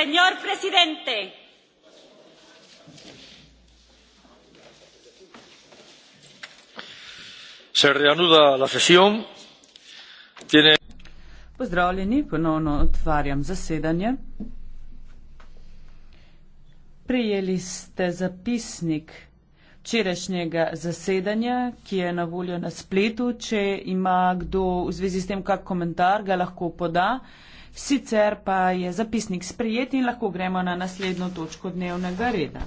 señor presidente se reanuda la sesión tiene Pozdravljeni, ponovno otvarjam zasedanje. Prijeli ste zapisnik včerajšnjega zasedanja, ki je na voljo na spletu. Če ima kdo v zvezi s tem kak komentar, ga lahko poda. Sicer pa je zapisnik sprejet in lahko gremo na naslednjo točko dnevnega reda.